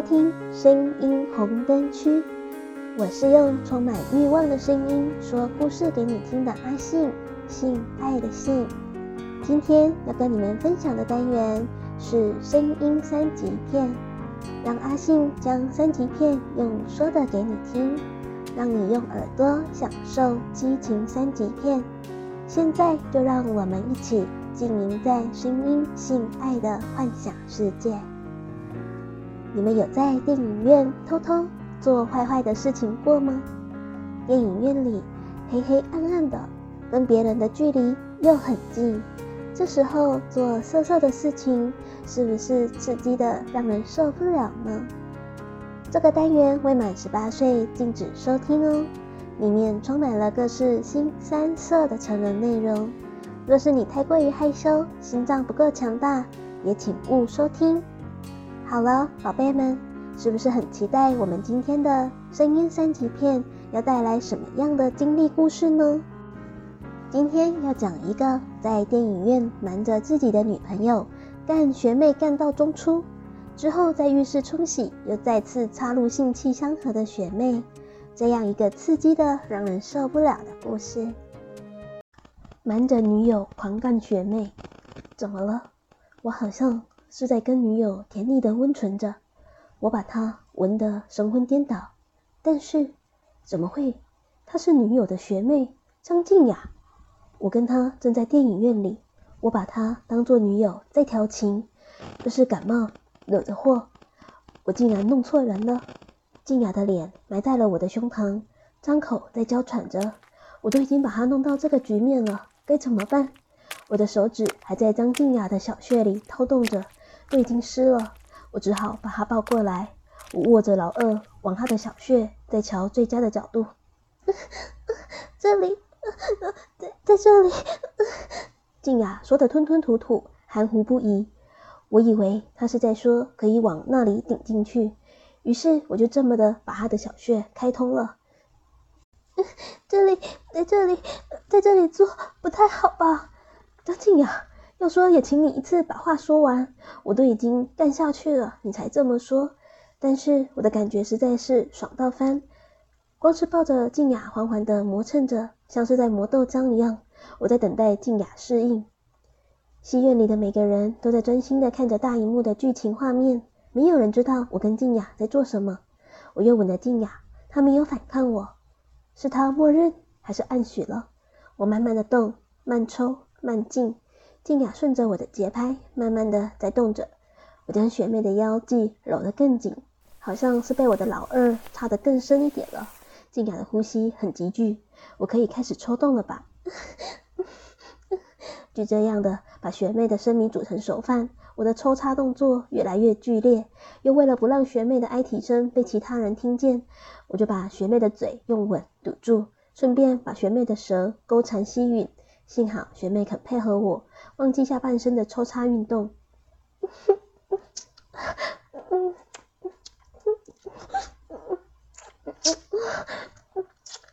收聽聲音紅燈區，我是用充滿慾望的聲音說故事給你聽的阿信，性愛的性，今天要跟你們分享的單元是聲音三級片，讓阿信將三級片用說的給你聽，讓你用耳朵享受激情三級片。現在就讓我們一起浸淫在聲音性愛的幻想世界。你們有在電影院偷偷做壞壞的事情過嗎？電影院裡黑黑暗暗的，跟別人的距離又很近，這時候做色色的事情，是不是刺激的讓人受不了呢？這個單元未滿十八歲禁止收聽哦，裡面充滿了各式腥羶色的成人內容，若是你太過於害羞，心臟不夠強大，也請勿收聽。好了，寶貝們，是不是很期待我們今天的聲音三級片要帶來什麼樣的經歷故事呢？今天要講一個在電影院瞞着自己的女朋友幹學妹幹到中出，之後在浴室沖洗又再次插入性器相合的學妹，這樣一個刺激的讓人受不了的故事。瞞着女友狂幹學妹，怎麼了？我好像。是在跟女友甜蜜的溫存着，我把她吻得神魂顛倒。但是怎麼會？她是女友的學妹張靜雅，我跟她正在電影院裡，我把她當作女友在調情，這、就是感冒惹的禍。我竟然弄錯人了。靜雅的臉埋在了我的胸膛，張口在嬌喘着。我都已經把她弄到這個局面了，該怎麼辦？我的手指還在張靜雅的小穴裡掏動着。都已經濕了，我只好把他抱過來。我握着老二，往他的小穴，再瞧最佳的角度。這裡，在,在這裡，靜雅說得吞吞吐吐，含糊不已。我以為他是在說可以往那裡頂進去，於是我就這麼的把他的小穴開通了。這裡，在這裡，在這裡做不太好吧？張靜雅。要說也，請你一次把話說完。我都已經幹下去了，你才這麼說。但是我的感覺實在是爽到翻，光是抱着靜雅，緩緩地磨蹭着，像是在磨豆漿一樣。我在等待靜雅適應。戲院裡的每個人都在專心地看着大熒幕的劇情畫面，沒有人知道我跟靜雅在做什麼。我又吻了靜雅，她沒有反抗我，我是她默認還是暗許了？我慢慢的動，慢抽，慢進。靜雅順着我的節拍，慢慢的在動着。我將學妹的腰際摟得更緊，好像是被我的老二插得更深一點了。靜雅的呼吸很急劇，我可以開始抽動了吧？ 就這樣的，把學妹的生米煮成熟飯。我的抽插動作越來越劇烈，又為了不讓學妹的哀啼聲被其他人聽見，我就把學妹的嘴用吻堵住，順便把學妹的舌勾纏吸吮。幸好學妹肯配合我，忘記下半身的抽插運動。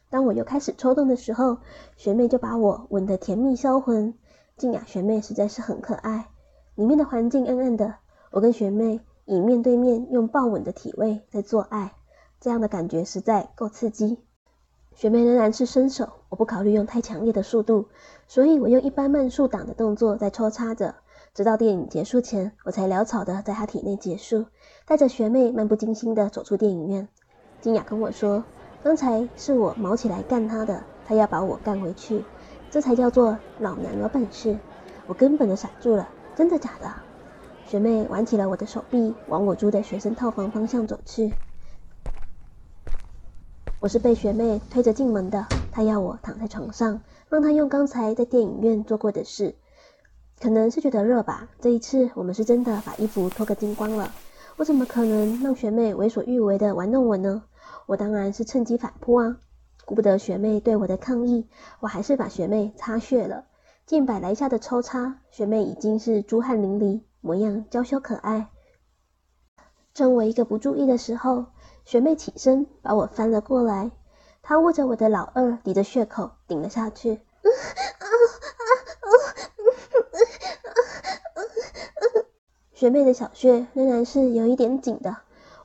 當我又開始抽動的時候，學妹就把我吻得甜蜜銷魂。靜雅學妹實在是很可愛。裡面的環境暗暗的，我跟學妹以面對面用抱吻的體位在做愛，這樣的感覺實在夠刺激。學妹仍然是生手，我不考慮用太強烈的速度，所以我用一般慢速擋的動作在抽插着，直到電影結束前，我才潦草的在她體內結束，帶着學妹漫不經心的走出電影院。金雅跟我說，剛才是我毛起來幹她的，她要把我幹回去，這才叫做老娘有本事。我根本的閃住了，真的假的？學妹挽起了我的手臂，往我租的學生套房方向走去。我是被學妹推着進門的，她要我躺在床上，讓她用剛才在電影院做過的事。可能是覺得熱吧，這一次我們是真的把衣服脫個精光了。我怎麼可能讓學妹為所欲為的玩弄我呢？我當然是趁機反撲啊！顧不得學妹對我的抗議，我還是把學妹插穴了。近百來一下的抽插，學妹已經是珠汗淋漓，模樣嬌羞可愛。趁我一個不注意的時候。學妹起身把我翻了過來，她握着我的老二抵着穴口頂了下去。 學妹的小穴仍然是有一點緊的，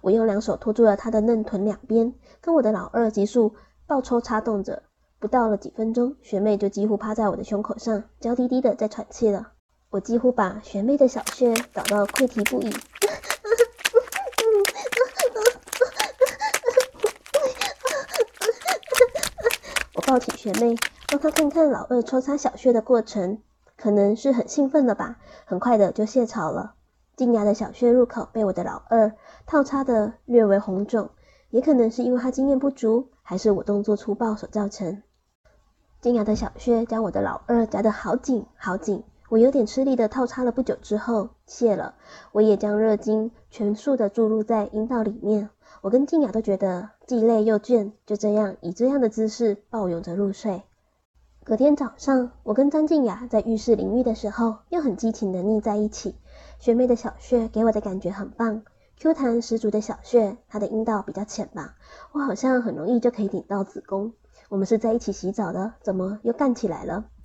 我用兩手托住了她的嫩臀兩邊，跟我的老二急速暴抽插動着。不到了幾分鐘，學妹就幾乎趴在我的胸口上，嬌滴滴的在喘氣了。我幾乎把學妹的小穴搞到潰堤不已。抱起學妹，讓她看看老二抽插小穴的過程，可能是很興奮了吧，很快的就洩潮了。靜雅的小穴入口被我的老二套插的略為紅腫，也可能是因為他經驗不足，還是我動作粗暴所造成。靜雅的小穴將我的老二夾的好緊好緊，我有點吃力的套插了不久之後，洩了，我也將熱精全數的注入在陰道裡面。我跟靜雅都覺得既累又倦，就這樣以這樣的姿勢抱擁着入睡。隔天早上，我跟張靜雅在浴室淋浴的時候，又很激情地膩在一起。學妹的小穴給我的感覺很棒，Q 彈十足的小穴，她的陰道比較淺吧，我好像很容易就可以頂到子宮。我們是在一起洗澡的，怎麼又幹起來了？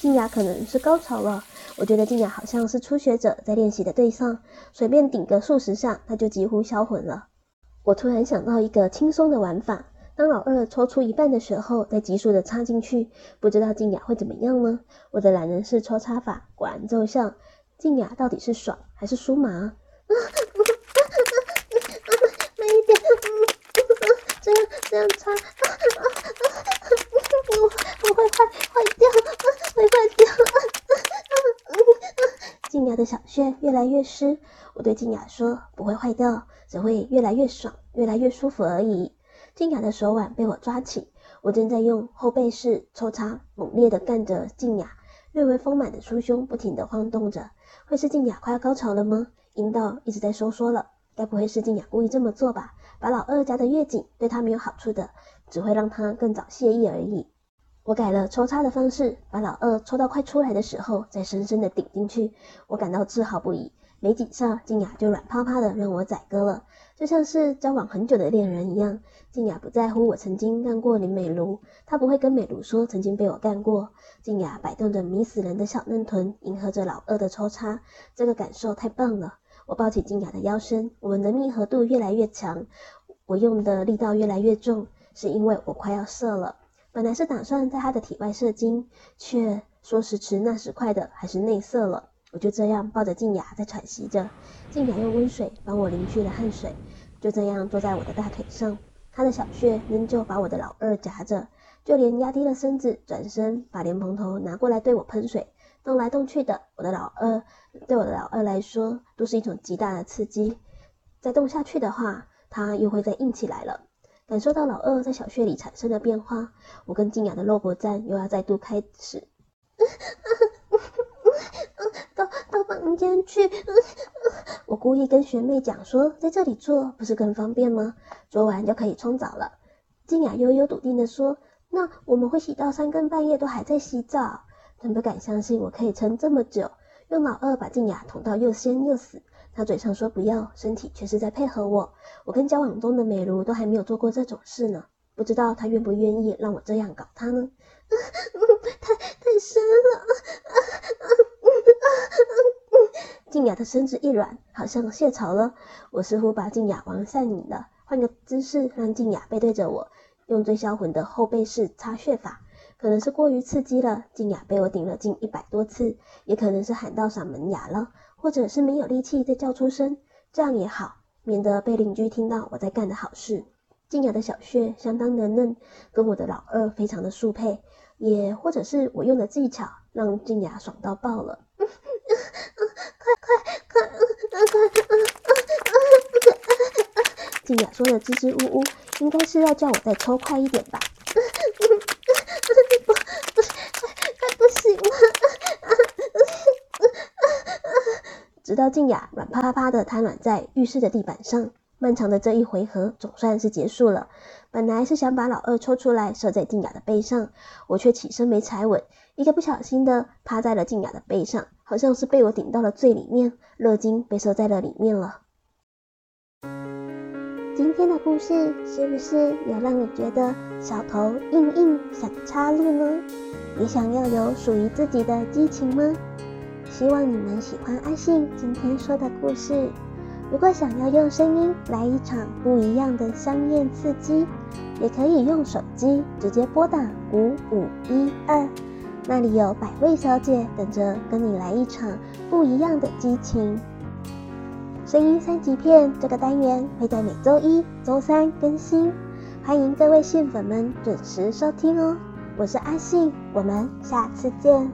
靜雅可能是高潮了。我覺得靜雅好像是初學者在練習的對象，隨便頂個數十下，她就幾乎銷魂了。我突然想到一個輕鬆的玩法：當老二抽出一半的時候，再急速的插進去。不知道靜雅會怎麼樣呢？我的懶人式抽插法果然奏效。靜雅到底是爽還是酥麻？啊，慢一點，這樣這樣插，我我會壞壞掉，會壞掉。的小穴越來越濕，我對靜雅說：“不會壞掉，只會越來越爽，越來越舒服而已。”靜雅的手腕被我抓起，我正在用後背式抽插，猛烈地幹着靜雅，略微豐滿的酥胸不停地晃動着。會是靜雅快要高潮了嗎？陰道一直在收縮了，該不會是靜雅故意這麼做吧？把老二夾得越緊，對她沒有好處的，只會讓她更早泄意而已。我改了抽插的方式，把老二抽到快出來的時候，再深深的頂進去。我感到自豪不已。沒幾下，靜雅就軟趴趴的讓我宰割了，就像是交往很久的戀人一樣。靜雅不在乎我曾經幹過林美如，她不會跟美如說曾經被我幹過。靜雅擺動着迷死人的小嫩臀，迎合着老二的抽插，這個感受太棒了。我抱起靜雅的腰身，我們的密合度越來越強，我用的力道越來越重，是因為我快要射了。本來是打算在他的體外射精，卻說時遲那時快的，還是內射了。我就這樣抱着靜雅在喘息着，靜雅用溫水幫我淋去了汗水，就這樣坐在我的大腿上，他的小穴仍舊把我的老二夾着，就連壓低了身子，轉身把蓮蓬頭拿過來對我噴水，動來動去的。我的老二，對我的老二來說，都是一種極大的刺激。再動下去的話，他又會再硬起來了。感受到老二在小穴裡產生的變化，我跟靜雅的肉搏戰又要再度開始。 到到房間去， 我故意跟學妹講說，在這裡做不是更方便嗎？做完就可以沖澡了。靜雅悠悠篤定地說：“那我們會洗到三更半夜都還在洗澡。”真不敢相信我可以撐這麼久，用老二把靜雅捅到又鮮又死。他嘴上說不要，身體卻是在配合我。我跟交往中的美如都還沒有做過這種事呢，不知道他願不願意讓我這樣搞他呢？ 太太深了！靜 雅的身子一軟，好像泄潮了。我似乎把靜雅玩上癮了，換個姿勢，讓靜雅背對着我，用最銷魂的後背式插穴法。可能是過於刺激了，靜雅被我頂了近一百多次，也可能是喊到嗓門啞了。或者是沒有力氣再叫出聲，這樣也好，免得被鄰居聽到我在幹的好事。靜雅的小穴相當的嫩嫩，跟我的老二非常的速配，也或者是我用的技巧讓靜雅爽到爆了。嗯嗯嗯，快快快！靜雅說得支支吾吾，應該是要叫我再抽快一點吧。直到靜雅軟趴趴的癱軟在浴室的地板上，漫長的這一回合總算是結束了。本來是想把老二抽出來射在靜雅的背上，我卻起身沒踩穩，一個不小心的趴在了靜雅的背上，好像是被我頂到了最裡面，樂金被射在了裡面了。今天的故事是不是有讓你覺得小頭硬硬想插入呢？你想要有屬於自己的激情嗎？希望你們喜歡阿信今天說的故事。如果想要用聲音來一場不一樣的香豔刺激，也可以用手機直接撥打五五一二，那裡有百位小姐等着跟你來一場不一樣的激情。聲音三級片這個單元會在每週一、週三更新，歡迎各位信粉們準時收聽哦。我是阿信，我們下次見。